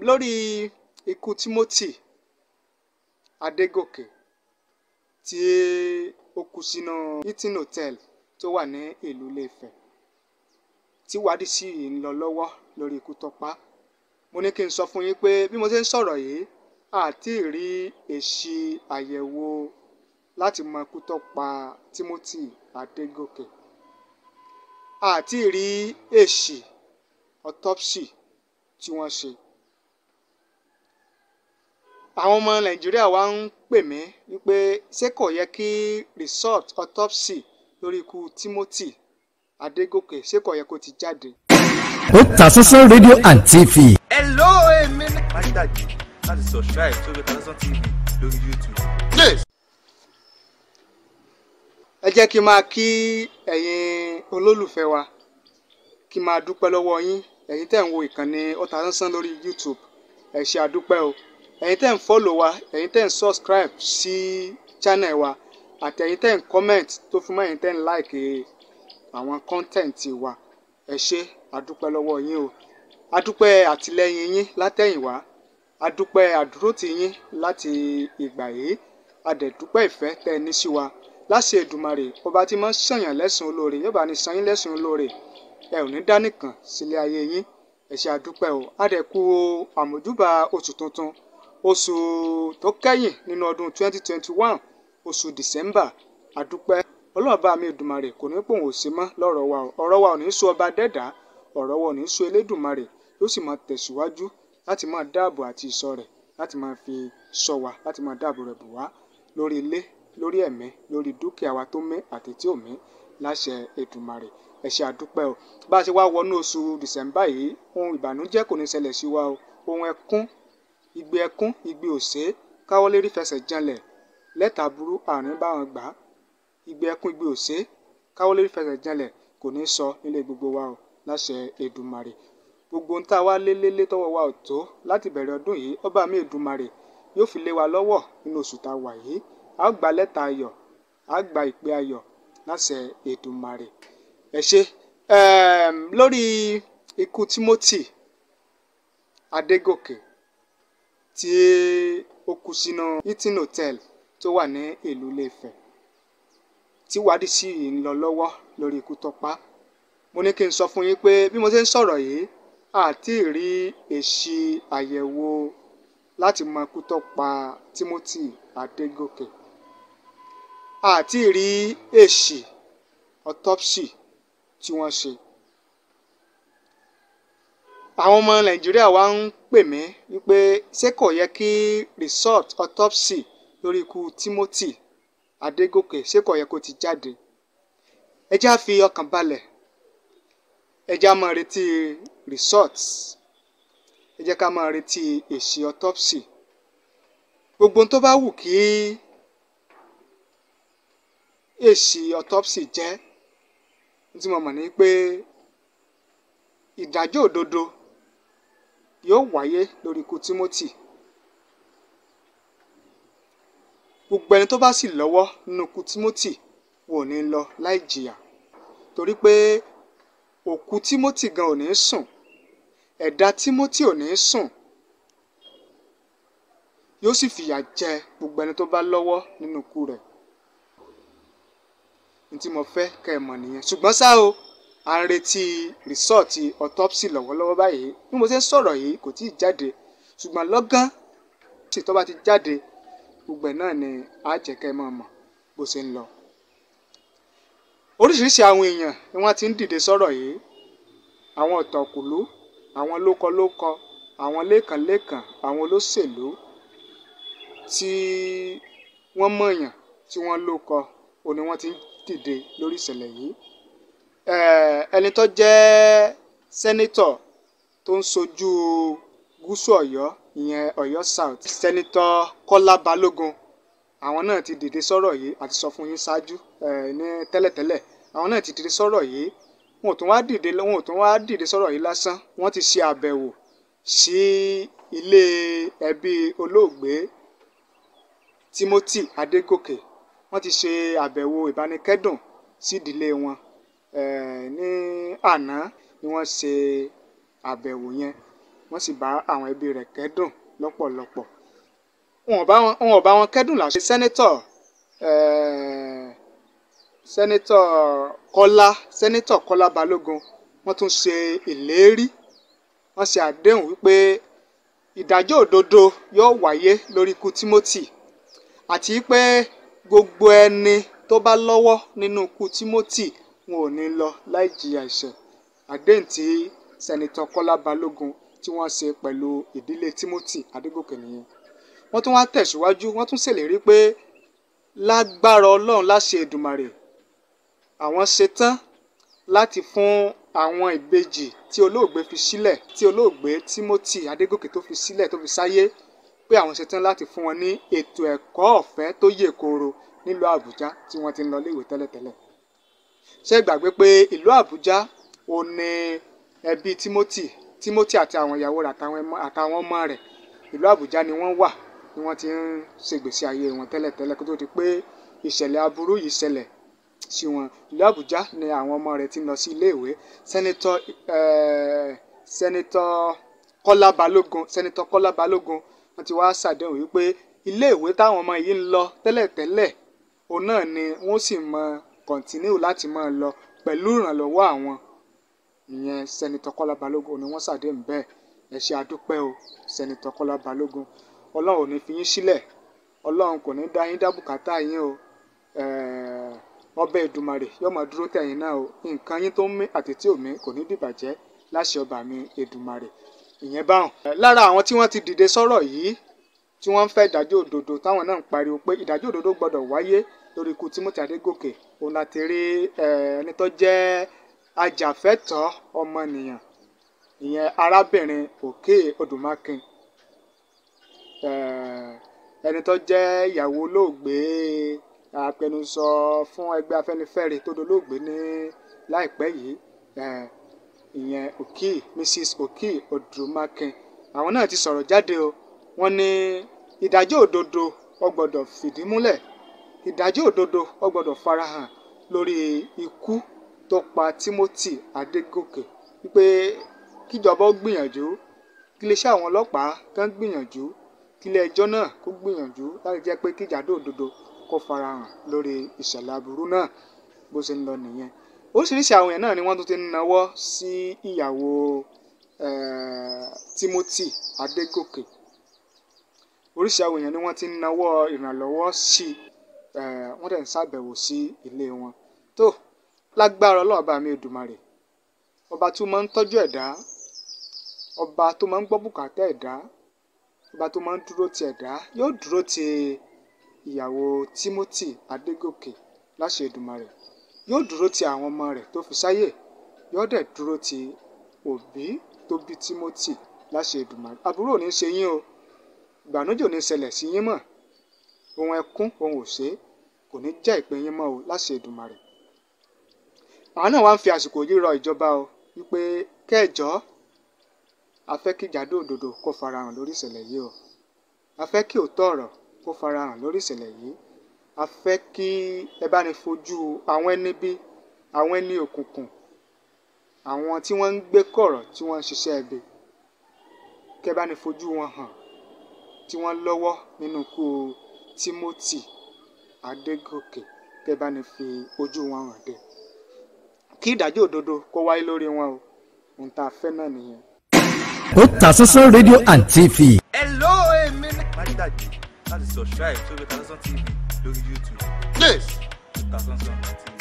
lórí ikú Timothy Adégòkè tí ó kú sínú Hilton Hotel tó wà ní ìlú Ilé-Ifẹ̀ tí wádìí sì ń lọ lọ́wọ́ lórí ikú tó pa mo ní kí n sọ fún yín pé bí mo ṣe ń sọ̀rọ̀ yìí àti rí èsì àyẹ̀wò láti mọ ikú tó Timothy Adégòkè àti rí èsì autopsy tí wọ́n ṣe àwọn ọmọ nàìjíríà wa ń pè mí wípé ṣé kò yẹ kí result autopsy lórí ikú timothy adégòkè ṣé kò yẹ kó ti jáde. Otasansan rédíò and tv. hello èmi ni. dájúdájú láti subscribe sórí Otasansan tv lórí youtube. ẹ jẹ́ kí n máa kí ẹ̀yin olólùfẹ́ wa kí n máa dúpẹ́ lọ́wọ́ yín ẹ̀yin tẹ̀ ń wo ìkànnì Otasansan lórí youtube ẹ ṣé àdúpẹ́ o ẹ̀yin tẹ́ ń fọ́lò wa ẹ̀yin tẹ́ ń subscribe sí channel wa àti ẹ̀yin tẹ́ ń comment tó fi mọ́ ẹ̀yin tẹ́ ń like àwọn content wa ẹ ṣé adúpẹ́ lọ́wọ́ yín o adúpẹ́ àtìlẹ́yìn yín látẹ̀yìnwá adúpẹ́ àdúrótì yín láti ìgbà yìí adẹ̀dúpẹ́ ìfẹ́ tẹ́ ẹ ní sí wa láṣẹ Èdùmàrè ọba tí máa ń ṣàyàn lẹ́sùn olóore yóò bá ní sanyín lẹ́sùn olóore ẹ ò ní dánìkan sílé ayé yín ẹ ṣé adúpẹ́ o adẹ̀kù àmójúbà oṣù tuntun oṣù tó kẹ́yìn nínú ọdún 2021 oṣù december àdúpẹ́ ọlọ́ọ̀bá mi Èdùmàrè kò ní pòun ò sí mọ́ lọ́rọ̀ wa ọ̀rọ̀ wa ò ní sú ọba dẹ́dà ọ̀rọ̀ wa ò ní sú Elédùmarè yóò sì máa tẹ̀síwájú láti máa dáàbò àti ìṣọ́ rẹ̀ láti máa fi ṣọ́ wa láti máa dáàbò rẹ̀ bù wá lórí ilé lórí ẹ̀mí lórí dúkìá wa tó mí àti tí ò mí láṣẹ Èdùmàrè ẹ ṣé àdúpẹ́ o bá a ṣe wá wọnú oṣù dìsẹ́mbà yìí ohun ìbànújẹ́ kò ní ṣẹlẹ̀ sí wa o ohun ẹkún igbe ẹkún igbe òṣé káwọ́lérí fẹsẹ̀ janlẹ̀ lẹ́tà burú àrùn bá wọn gbà á igbe ẹkún igbe òṣé káwọ́lérí fẹsẹ̀ janlẹ̀ kò ní sọ nílé gbogbo wa o láṣẹ Èdùmàrè gbogbo ohun tá a wá lélélé tọ́wọ́ wa ò tó láti bẹ̀rẹ̀ ọdún yìí ọba mi Èdùmàrè yóò fi lé wa lọ́wọ́ nínú oṣù tá a wà yìí a ó gba lẹ́tà ayọ̀ a ó gba ìpè ayọ̀ láṣẹ Èdùmàrè ẹ ṣe lórí ikú Timothy Adégòkè tí ó kú sínú hilton hotel tó wà ní ìlú Ilé-Ifẹ̀ tí wádìí sì ń lọ lọ́wọ́ lórí ikú tó pa mo ní kí n sọ fún yín pé bí mo ṣe ń sọ̀rọ̀ yìí àti rí èsì àyẹ̀wò láti mọ ikú tó Timothy Adégòkè àti rí èsì autopsy tí wọ́n ṣe àwọn ọmọ Nàìjíríà wa ń pè mí wípé ṣé kò yẹ kí result autopsy lórí ikú Timothy Adégòkè ṣé kò yẹ kó ti jáde ẹ já fi ọkàn balẹ̀ ẹ já máa retí result ẹ jẹ́ ká máa retí èsì autopsy gbogbo tó bá wù kí èsì autopsy jẹ́ tí mo mọ̀ ní pé ìdájọ́ òdodo yóò wáyé lórí ikú Timothy gbogbo ẹni tó bá sì lọ́wọ́ nínú ikú Timothy wọn ò ní lọ láì jìyà torí pé òkú Timothy gan ò ní sùn ẹ̀dá Timothy ò ní sùn yóò sì fìyà jẹ gbogbo ẹni tó bá lọ́wọ́ nínú ikú rẹ̀ ní tí mo fẹ́ kẹ́ ẹ mọ̀ nìyẹn ṣùgbọ́n ṣá o A ń retí rìsọ́ọ̀tì autopsy lọ́wọ́lọ́wọ́ báyìí bí mo ṣe ń sọ̀rọ̀ yìí kò tí ì jáde ṣùgbọ́n lọ́gán tí tó bá ti jáde gbogbo ẹ̀ náà ni a jẹ́ kẹ́ máa mọ̀ bó ṣe ń lọ. oríṣiríṣi àwọn èèyàn ni wọ́n ti ń dìde sọ̀rọ̀ yìí àwọn ọ̀tọ̀kùlú àwọn lókọlókọ àwọn lẹ́kànlẹ́kàn àwọn olóṣèlú tí wọ́n mọ̀yàn tí wọ́n lókọ òní wọ́n ti ń dìde lórí ìṣẹ̀lẹ̀ yìí Eh, ẹni tó jẹ́ sẹ́nítọ̀ tó ń sojú gúúsù ọ̀yọ́ ìyẹn ọ̀yọ́ south sẹ́nítọ̀ kọ́lá balógun àwọn náà ti dìde sọ̀rọ̀ yìí àti sọ fún yín ṣáájú eh, ní tẹ́lẹ̀tẹ́lẹ̀ àwọn náà ti dìde sọ̀rọ̀ yìí wọn ò tún wá dìde wọn ò tún wá dìde sọ̀rọ̀ yìí lásán wọ́n ti ṣe àbẹ̀wò sí ilé ẹbí olóògbé Timothy Adégòkè wọ́n ti ṣe àbẹ̀wò ìbánikẹ́dùn sídìílé wọn Eh, ní àná ni wọ́n ṣe àbẹ̀wò yẹn wọ́n sì bá àwọn ẹbí rẹ̀ kẹ́dùn lọ́pọ̀lọpọ̀ wọn ò bá wọn kẹ́dùn làṣẹ sẹ́nẹ́tọ̀ eh, sẹ́nẹ́tọ̀ Kọ́lá sẹ́nẹ́tọ̀ Kọ́lá Balógun wọ́n tún ṣe ìlérí wọ́n ṣe àdéhùn wípé ìdájọ́ òdodo yóò wáyé lórí ikú Timothy àti pé gbogbo ẹni tó bá lọ́wọ́ nínú ikú Timothy wọn ò ní lọ láì jìyà ẹ̀ṣẹ̀ àdéhùn tí sẹ́nitọ́ kọ́lá balógun tí wọ́n ṣe pẹ̀lú ìdílé timothy adégòkè nìyẹn wọ́n tún wá tẹ̀síwájú wọ́n tún ṣèlérí pé lágbára ọlọ́run láṣẹ èdùmàrè àwọn ṣetán láti fún àwọn ìbejì tí olóògbé fi sílẹ̀ tí olóògbé timothy adégòkè tó fi sílẹ̀ tó fi sáyé pé àwọn ṣetán láti fún wọn ní ètò ẹ̀kọ́ ọ̀fẹ́ tó yè kooro nílùú àbújá tí wọ́n ti ń lọ léèwé tẹ́lẹ̀tẹ́lẹ̀ ṣé gbàgbé pé ìlú àbújá ò ní ẹbí timothy timothy àti àwọn ìyàwó rẹ̀ àtàwọn ọmọ rẹ̀ ìlú àbújá ni wọ́n wà ni wọ́n ti ń ṣègbésí ayé wọn tẹ́lẹ̀tẹ́lẹ̀ kó tó di pé ìṣẹ̀lẹ̀ aburú yìí ṣẹlẹ̀ sí wọn ìlú àbújá ni àwọn ọmọ rẹ̀ ti ń lọ sí iléèwé sẹ́nitọ́ eh, sẹ́nitọ́ kọ́lá balógun sẹ́nitọ́ kọ́lá balógun wọ́n ti wá ṣàdéhùn wípé iléèwé táwọn ọmọ yìí ń lọ tẹ́lẹ̀tẹ́lẹ̀ òun náà ni wọ́n sì mọ kọ̀ǹtínú láti máa lọ pẹ̀lú ìrànlọ́wọ́ àwọn ìyẹn sẹ́nitọ́ Kọ́lá Balógun ni wọ́n ṣàdéhùn bẹ́ẹ̀ ẹ ṣe àdúpẹ́ o sẹ́nitọ́ Kọ́lá Balógun ọlọ́run ò ní fi yín sílẹ̀ ọlọ́run kò ní dá yín dá bùkátà yín o ọba Èdùmàrè yóò máa dúró tẹ̀yìn náà o nǹkan yín tó ń mí àti tí ò mí kò ní dìbàjẹ́ láṣẹ ọba mi Èdùmàrè ìyẹn báwọn. lára àwọn tí wọ́n ti dìde sọ́rọ̀ yìí tí wọ́n ń fẹ́ ìdájọ́ òdodo táwọn náà ń pariwo pé ìdájọ́ òdodo gbọ́dọ̀ wáyé lórí ikú Timothy Adégòkè òun láti rí ẹni tó jẹ́ ajàfẹ́tọ̀ọ́ ọmọnìyàn ìyẹn arábìnrin Òkè Odùmákin ẹni tó jẹ́ ìyàwó olóògbé apẹnusọ fún ẹgbẹ́ Afẹ́nifẹ́re tó dolóògbé ní láìpẹ́ yìí ìyẹn Òkè Mrs Òkè Odùmákin àwọn náà ti sọ̀rọ̀ jáde o wọ́n ní ìdájọ́ òdodo wọ́n gbọ́dọ̀ fìdí múlẹ̀ ìdájọ́ òdodo wọ́n gbọ́dọ̀ farahàn lórí ikú tó pa Timothy Adégòkè wípé kíjọba ó gbìyànjú kíléeṣẹ́ àwọn ọlọ́pàá kan gbìyànjú kílé ẹjọ́ náà kó gbìyànjú láti jẹ́ pé kíjàdó òdodo kó farahàn lórí ìṣẹ̀lẹ̀ aburú náà bó ṣe ń lọ nìyẹn oríṣiríṣi àwọn èèyàn náà ni wọ́n tún ti ń nawọ́ sí ìyàwó Timothy Adégòkè oríṣi àwọn èèyàn ni wọ́n ti ń nawọ́ ìrànlọ́wọ́ sí i Eh, wọ́n dẹ̀ ń ṣàbẹ̀wò sí ilé wọn tó lágbára ọlọ́run ọba mi Èdùmàrè ọba tí ó máa ń tọ́jú ẹ̀dá ọba tó máa ń gbọ́ bùkátà ẹ̀dá ọba tó máa ń dúró ti ẹ̀dá yóò dúró ti ìyàwó Timothy Adégòkè láṣẹ Èdùmàrè yóò dúró ti àwọn ọmọ rẹ̀ tó fi sáyè yóò dẹ̀ dúró ti òbí tó bí Timothy láṣẹ Èdùmàrè àbúrò ò ní ṣe yín o ìbànújẹ́ ní ṣẹlẹ̀ sí yín mọ́ ohun ẹkún ohun òṣè kò ní jẹ́ ìpín yín mọ́ o láṣẹ Èdùmàrè àwọn náà wá ń fi àsìkò yìí rọ ìjọba o wípé kẹjọ a fẹ́ kí ìjádò òdodo kó farahàn lórí ìṣẹ̀lẹ̀ yìí o a fẹ́ kí òótọ́ ọ̀rọ̀ kó farahàn lórí ìṣẹ̀lẹ̀ yìí a fẹ́ kí ẹ bá ní fojú àwọn ẹni bí àwọn ẹni òkùnkùn àwọn tí wọ́n ń gbé kọ̀rọ̀ tí wọ́n ń ṣiṣẹ́ ẹbí kẹ bá ní fojú wọn hàn tí wọ́n lọ́wọ́ nínú ikú Timothy Adégòkè kẹ́ bá ní fi ojú wọn hàn dé kí ìdájọ́ òdodo kó wáyé lórí wọn o ohun tá a náà nìyẹn. Otasansan rédíò and TV. hello èmi ní. láti subscribe sórí Otasansan TV lórí YouTube. please Otasansan TV.